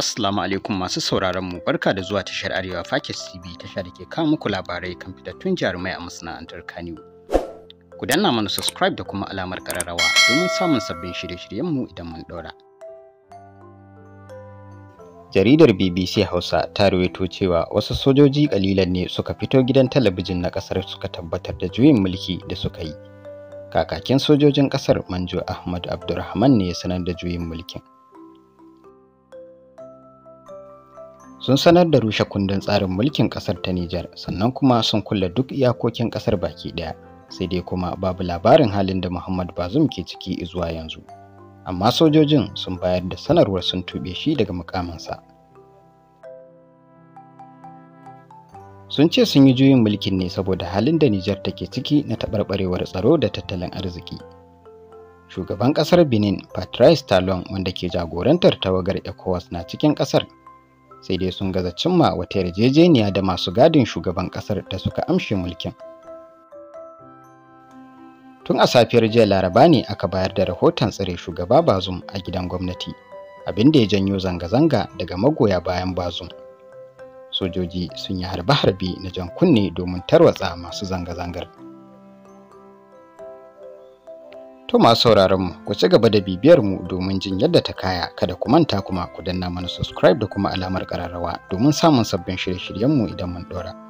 Assalamu alaikum masu sauraron mu barka da zuwa tashar Arewa Fakis TV tasha da ke kawo muku labarai kan fitattun jarumai a masana'antar Kano. Ku danna mana subscribe da kuma alamar kararrawa domin samun sabbin shirye-shiryen mu idan mun daura. Jaridar BBC Hausa ta rawaito cewa wasu sojoji kalilan ne suka fito gidan talabijin na kasar suka tabbatar da juyin mulki da suka yi. Kakakin sojojin kasar Manjo Ahmad Abdulrahman ne ya sanar da juyin mulkin. sun sanar da rushe kundin tsarin mulkin kasar ta Nijar sannan kuma sun kulle duk iyakokin kasar baki daya sai dai kuma babu labarin halin da Muhammad Bazum ke ciki zuwa yanzu amma sojojin sun bayar da sanarwar sun tube shi daga mukaminsa sun ce sun yi juyin mulkin ne saboda halin da Nijar take ciki na taɓarɓarewar tsaro da tattalin arziki shugaban kasar Benin Patrice Talon wanda ke jagorantar tawagar ECOWAS na cikin kasar sai dai sun gaza cimma wata yarjejeniya da masu gadin shugaban kasar da suka amshe mulkin. Tun a safiyar jiya laraba ne aka bayar da rahoton tsare shugaba Bazum a gidan gwamnati, abin da ya janyo zanga-zanga daga magoya bayan Bazum. Sojoji sun yi harbe-harbe na jan kunne domin tarwatsa masu zanga-zangar. To masu sauraron mu ku ci gaba da bibiyar mu domin jin yadda ta kaya kada ku manta kuma ku danna mana subscribe da kuma alamar kararrawa domin samun sabbin shirye-shiryen mu idan mun dora.